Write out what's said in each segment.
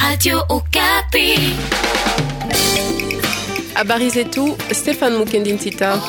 Radio Okapi. Habari zetu, Stéphane Mukendintita.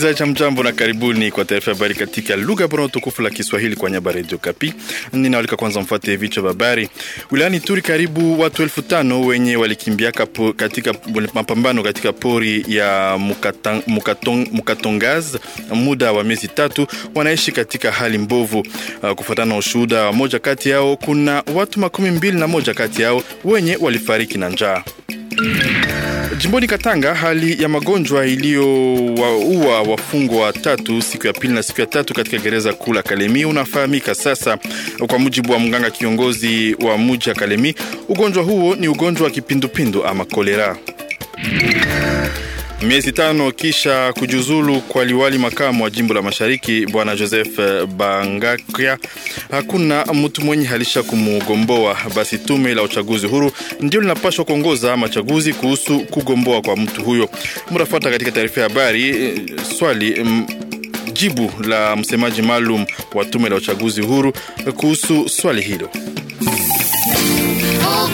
msikilizaji cha mjambo na karibuni kwa taarifa ya habari katika lugha bora tukufu la Kiswahili kwa nyaba Radio Kapi. Ninawalika kwanza mfuate vichwa vya habari. Wilayani Turi karibu watu elfu tano wenye walikimbia kapo, katika mapambano katika pori ya Mukatang, Mukatong, Mukatongaz muda wa miezi tatu wanaishi katika hali mbovu. Uh, kufuatana na ushuhuda wa moja kati yao, kuna watu makumi mbili na moja kati yao wenye walifariki na njaa. Jimboni Katanga, hali ya magonjwa iliyowaua wafungwa watatu siku ya pili na siku ya tatu katika gereza kuu la Kalemi unafahamika sasa. Kwa mujibu wa mganga kiongozi wa muji ya Kalemi, ugonjwa huo ni ugonjwa wa kipindupindu ama kolera. Miezi tano kisha kujiuzulu kwa liwali makamu wa jimbo la mashariki bwana Joseph Bangakia, hakuna mtu mwenye halisha kumugomboa. Basi tume la uchaguzi huru ndio linapaswa kuongoza machaguzi kuhusu kugomboa kwa mtu huyo. mutafuata katika taarifa ya habari eh, swali mm, jibu la msemaji maalum wa tume la uchaguzi huru kuhusu swali hilo. Oh,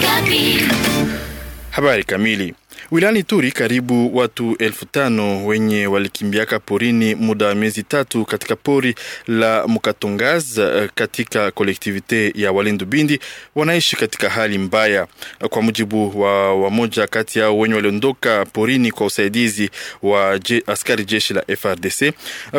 habari kamili Wilayani Turi karibu watu elfu tano wenye walikimbiaka porini muda wa miezi tatu katika pori la Mukatongaz eh, katika kolektivite ya Walendu Bindi wanaishi katika hali mbaya, kwa mujibu wa wamoja kati yao wenye waliondoka porini kwa usaidizi wa je, askari jeshi la FRDC. Eh,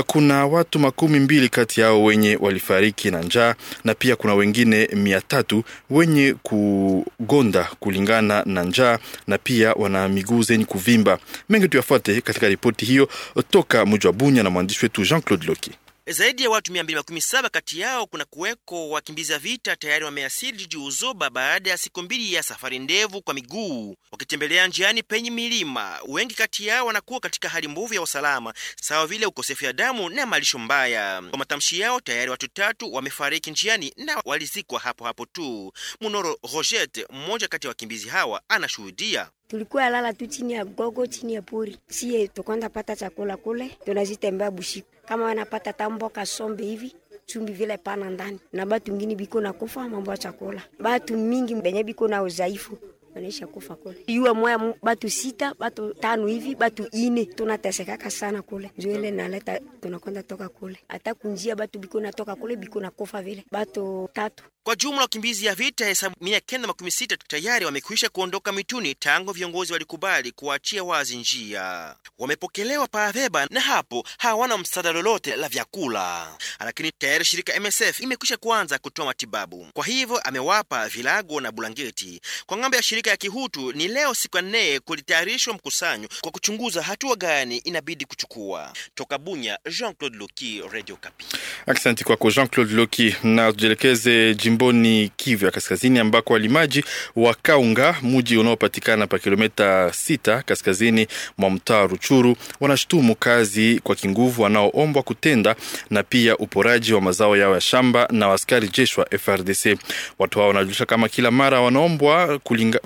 kuna watu makumi mbili kati yao wenye walifariki na njaa na pia kuna wengine mia tatu wenye kugonda kulingana na njaa na pia wana miguu zenye kuvimba. Mengi tuyafuate katika ripoti hiyo toka mji wa Bunya na mwandishi wetu Jean-Claude Loki. Zaidi ya watu 217 kati yao kuna kuweko wakimbiza vita tayari wameasili jiji Uzoba baada ya siku mbili ya safari ndevu kwa miguu, wakitembelea njiani penye milima. Wengi kati yao wanakuwa katika hali mbovu ya usalama, sawa vile ukosefu ya damu na malisho mbaya. Kwa matamshi yao, tayari watu tatu wamefariki njiani na walizikwa hapo hapo tu. Munoro Rogete, mmoja kati ya wakimbizi hawa, anashuhudia Tulikuwa lala tu chini ya gogo, chini ya pori. Sie tukanda pata chakula kule, tunazitembea bushiku, kama wanapata tamboka sombe hivi chumbi vile pana ndani, na batu ngini biko na kufa mambo ya chakula, batu mingi benye biko na uzaifu wanaisha kufa kule. Iwe moya batu sita batu tano hivi batu ine tunatesekaka sana kule, njo ile naleta tunakwenda toka kule, hata kunjia batu biko natoka kule biko nakufa vile batu tatu kwa jumla. Wakimbizi ya vita hesabu mia kenda makumi sita tayari wamekwisha kuondoka mituni tangu viongozi walikubali kuachia wazi njia. Wamepokelewa paaveba na hapo hawana msaada lolote la vyakula, lakini tayari shirika MSF imekwisha kuanza kutoa matibabu. Kwa hivyo amewapa vilago na bulangeti kwa ng'ambo ya shirika Afrika ya Kihutu ni leo siku ya nne kulitayarishwa mkusanyo kwa kuchunguza hatua gani inabidi kuchukua. Toka Bunya, Jean-Claude Loki, Radio Kapi. Asante kwako Jean-Claude Loki. Na tujielekeze jimboni Kivu ya Kaskazini ambako walimaji wa Kaunga, muji unaopatikana pa kilomita sita kaskazini mwa mtaa Ruchuru, wanashutumu kazi kwa kinguvu wanaoombwa kutenda na pia uporaji wa mazao yao ya shamba na askari jeshi wa FRDC. Watu hao wanajulisha kama kila mara wanaombwa kulinga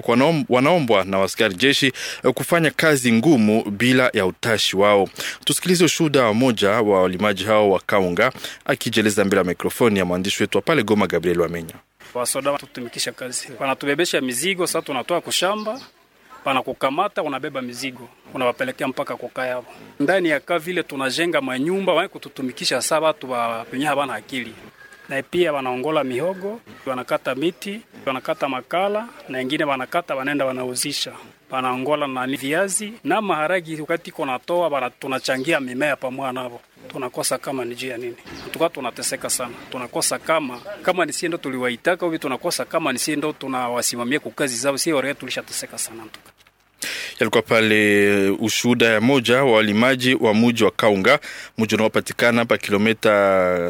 wanaombwa na waskari jeshi eh, kufanya kazi ngumu bila ya utashi wao. Tusikilize ushuhuda wa moja wa walimaji hao wa kaunga akijieleza mbele ya mikrofoni ya mwandishi wetu wa pale Goma, Gabriel Wamenya. Wasoda tutumikisha kazi, wanatubebesha mizigo. Sasa tunatoa kushamba wanakukamata unabeba mizigo unawapelekea mpaka koka yao ndani ya kaa vile tunajenga manyumba wae kututumikisha saa watu wapenye habana akili na pia wanaongola mihogo, wanakata miti, wanakata makala na wengine wanakata, wanaenda wanauzisha, wanaongola na viazi na maharagi. Wakati kuna toa konatoa tunachangia mimea pamoja nao, tunakosa kama ni njia nini, tuka tunateseka sana, tunakosa kama kama ni nisi ndo tuliwaitaka hivi, tunakosa kama ni nisi ndo tunawasimamia kwa kazi zao, wale tulishateseka sana tuka yalikuwa pale uh, ushuhuda ya moja wa walimaji wa muji wa Kaunga, muji unaopatikana pa kilometa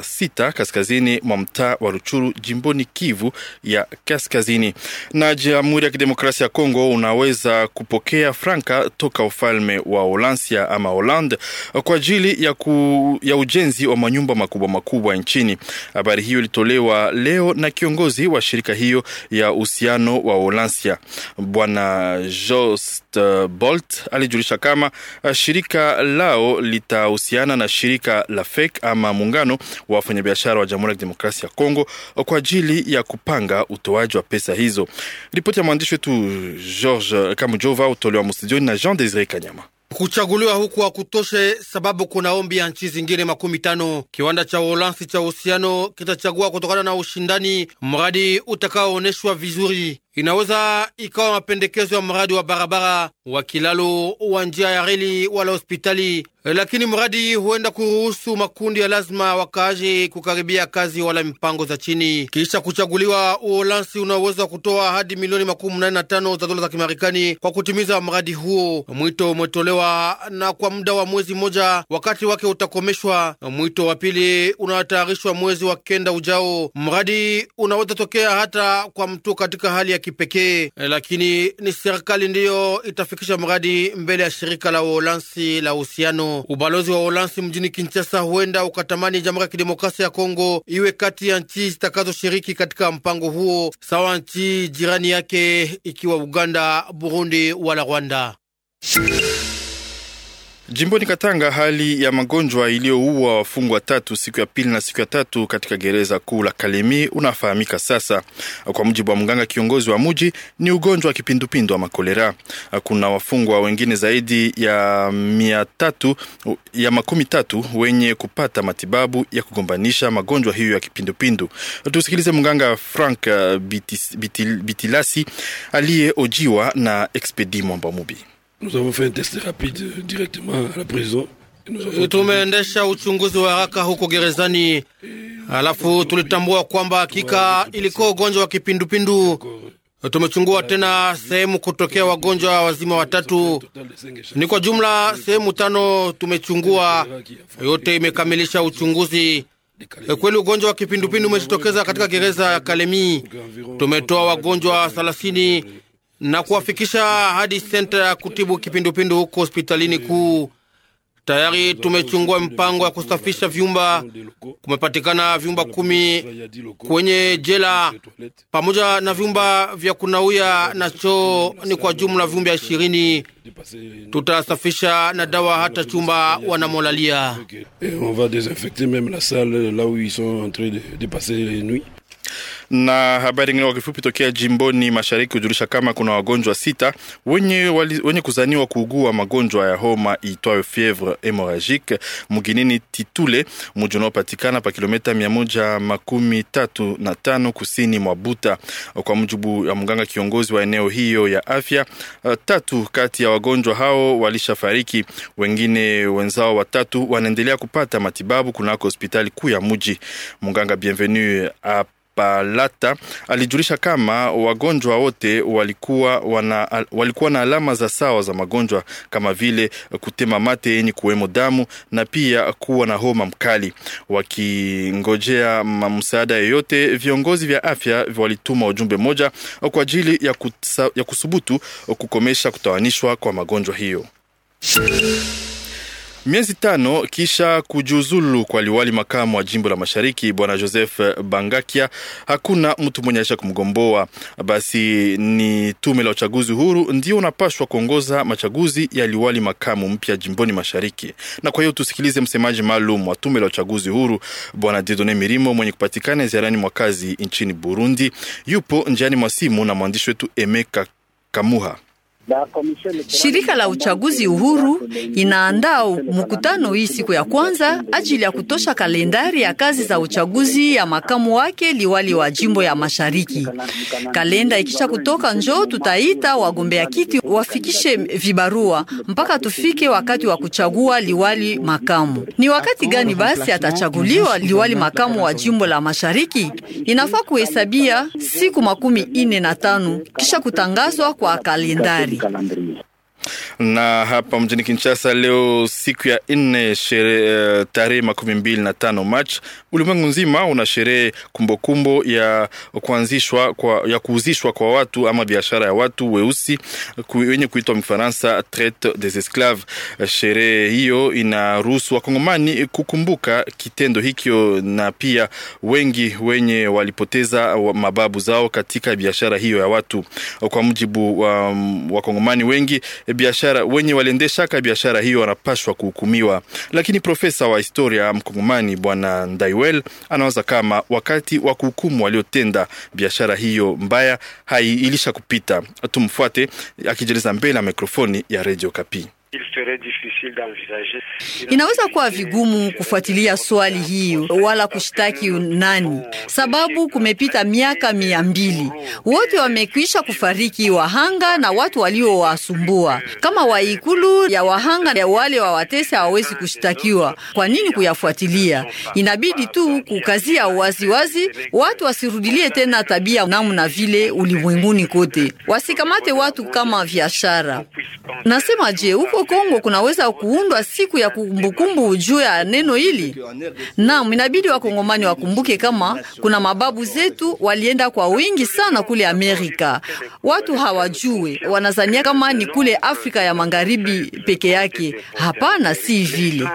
sita kaskazini mwa mtaa wa Ruchuru jimboni Kivu ya kaskazini. Na Jamhuri ya Kidemokrasia ya Kongo unaweza kupokea franka toka ufalme wa Holansia ama holand kwa ajili ya, ku, ya ujenzi wa manyumba makubwa makubwa nchini. Habari hiyo ilitolewa leo na kiongozi wa shirika hiyo ya uhusiano wa Holansia Bwana Jost uh, Bolt alijulisha kama eh, shirika lao litahusiana na shirika la FEC ama muungano wa wafanyabiashara wa Jamhuri ya Kidemokrasia ya Kongo kwa ajili ya kupanga utoaji wa pesa hizo. Ripoti ya mwandishi wetu George Kamujova utolewa mstudioni na Jean Desire Kanyama. Kuchaguliwa huku kutoshe sababu kuna ombi ya nchi zingine makumi tano. Kiwanda cha Uholanzi cha uhusiano kitachagua kutokana na ushindani mradi utakaoonyeshwa vizuri inaweza ikawa mapendekezo ya mradi wa barabara wa kilalo wa njia ya reli wala hospitali, lakini mradi huenda kuruhusu makundi ya lazima wakaaji kukaribia kazi wala mipango za chini. Kisha kuchaguliwa, Uholansi unaweza kutoa hadi milioni makumi nane na tano za dola za Kimarekani kwa kutimiza mradi huo. Mwito umetolewa na kwa muda wa mwezi mmoja, wakati wake utakomeshwa. Mwito wa pili unatayarishwa mwezi wa kenda ujao. Mradi unaweza tokea hata kwa mtu katika hali ya kipekee, eh, lakini ni serikali ndiyo itafikisha mradi mbele ya shirika la Uholansi la uhusiano. Ubalozi wa Uholansi mjini Kinshasa huenda ukatamani Jamhuri ya Kidemokrasia ya Kongo iwe kati ya nchi zitakazoshiriki katika mpango huo, sawa nchi jirani yake ikiwa Uganda, Burundi wala Rwanda. Jimboni Katanga, hali ya magonjwa iliyoua wafungwa tatu siku ya pili na siku ya tatu katika gereza kuu la Kalemi unafahamika sasa. Kwa mujibu wa mganga kiongozi wa muji, ni ugonjwa wa kipindupindu wa makolera. Kuna wafungwa wengine zaidi ya mia tatu, ya makumi tatu wenye kupata matibabu ya kugombanisha magonjwa hiyo ya kipindupindu. Tusikilize mganga Frank uh, Bitilasi aliyeojiwa na Expedi Mwamba Mubi. Nous avons fait un test rapide directement à la prison. Euh, tumeendesha uchunguzi wa haraka huko gerezani, alafu tulitambua kwamba hakika ilikuwa ugonjwa wa kipindupindu. Tumechungua tena sehemu kutokea wagonjwa wazima watatu, ni kwa jumla sehemu tano tumechungua, yote imekamilisha uchunguzi. E, kweli ugonjwa wa kipindupindu umejitokeza katika gereza ya Kalemi. Tumetoa wagonjwa thelathini na kuwafikisha hadi senta ya kutibu kipindupindu huko hospitalini kuu. Tayari tumechungua mpango ya kusafisha vyumba. Kumepatikana vyumba kumi kwenye jela pamoja na vyumba vya kunauya na choo, ni kwa jumla vyumba ishirini. Tutasafisha na dawa hata chumba wanamolalia. Na habari nyingine kwa kifupi, tokea jimboni mashariki hujulisha kama kuna wagonjwa sita wenye, wali, wenye kuzaniwa kuugua magonjwa ya homa itwayo fievre hemorragique mginini Titule, mji unaopatikana pa kilomita mia moja makumi tatu na tano kusini mwa Buta. Kwa mujibu ya mganga kiongozi wa eneo hiyo ya afya, eh, tatu kati ya wagonjwa hao walishafariki, wengine wenzao watatu wanaendelea kupata matibabu kunako hospitali kuu ya mji. Mganga Bienvenu Palata alijulisha kama wagonjwa wote walikuwa, wana, walikuwa na alama za sawa za magonjwa kama vile kutema mate yenye kuwemo damu na pia kuwa na homa mkali. Wakingojea msaada yoyote, viongozi vya afya walituma ujumbe moja kwa ajili ya, kutsa, ya kusubutu kukomesha kutawanishwa kwa magonjwa hiyo. Miezi tano kisha kujiuzulu kwa liwali makamu wa jimbo la mashariki bwana Joseph Bangakia, hakuna mtu mwenye aisha kumgomboa. Basi ni tume la uchaguzi huru ndio unapashwa kuongoza machaguzi ya liwali makamu mpya jimboni mashariki. Na kwa hiyo tusikilize msemaji maalum wa tume la uchaguzi huru bwana Didone Mirimo mwenye kupatikana ziarani mwa kazi nchini Burundi, yupo njiani mwa simu na mwandishi wetu Emeka Kamuha. Shirika la uchaguzi uhuru inaandaa mkutano hii siku ya kwanza ajili ya kutosha kalendari ya kazi za uchaguzi ya makamu wake liwali wa jimbo ya Mashariki. Kalenda ikisha kutoka, njoo tutaita wagombea kiti wafikishe vibarua mpaka tufike wakati wa kuchagua liwali makamu. Ni wakati gani basi atachaguliwa liwali makamu wa jimbo la Mashariki? Inafaa kuhesabia siku makumi ine na tano kisha kutangazwa kwa kalendari. calandrío. Na hapa mjini Kinshasa leo siku ya nne sherehe eh, tarehe makumi mbili na tano Machi, ulimwengu nzima una sherehe kumbukumbu ya kuanzishwa kwa, ya kuuzishwa kwa watu ama biashara ya watu weusi wenye kuitwa mfaransa traite des esclaves. Sherehe hiyo inaruhusu wakongomani kukumbuka kitendo hikyo na pia wengi wenye walipoteza mababu zao katika biashara hiyo ya watu. Kwa mujibu um, wakongomani wengi biashara, wenye waliendeshaka biashara hiyo wanapashwa kuhukumiwa. Lakini profesa wa historia mkongomani bwana Ndaiwel anawaza kama wakati wa kuhukumu waliotenda biashara hiyo mbaya haiilisha kupita. Tumfuate akijieleza mbele ya mikrofoni ya redio Kapi. Inaweza kuwa vigumu kufuatilia swali hiyo wala kushtaki nani, sababu kumepita miaka mia mbili, wote wamekwisha kufariki, wahanga na watu waliowasumbua. Kama waikulu ya wahanga ya wale wa watesi hawawezi kushtakiwa, kwa nini kuyafuatilia? Inabidi tu kukazia waziwazi wazi, watu wasirudilie tena tabia namna vile ulimwenguni kote, wasikamate watu kama biashara. Nasema je, huko huko Kongo kunaweza kuundwa siku ya kumbukumbu juu ya neno hili. Naam, inabidi wakongomani wakumbuke kama kuna mababu zetu walienda kwa wingi sana kule Amerika. Watu hawajue, wanazania kama ni kule Afrika ya Magharibi peke yake. Hapana, si vile.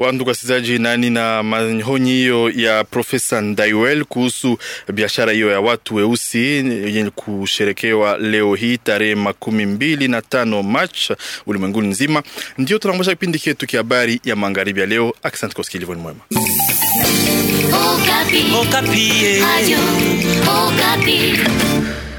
Wandugu wasikilizaji, nani na maonyi hiyo ya Profesa Ndaiwel kuhusu biashara hiyo ya watu weusi yenye kusherekewa leo hii tarehe makumi mbili na tano Machi ulimwenguni nzima. Ndio tunangosha kipindi chetu kia habari ya magharibi ya leo. Asante kwa usikilivu, ni mwema Okapi. Okapi. Eh.